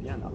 Bien, alors.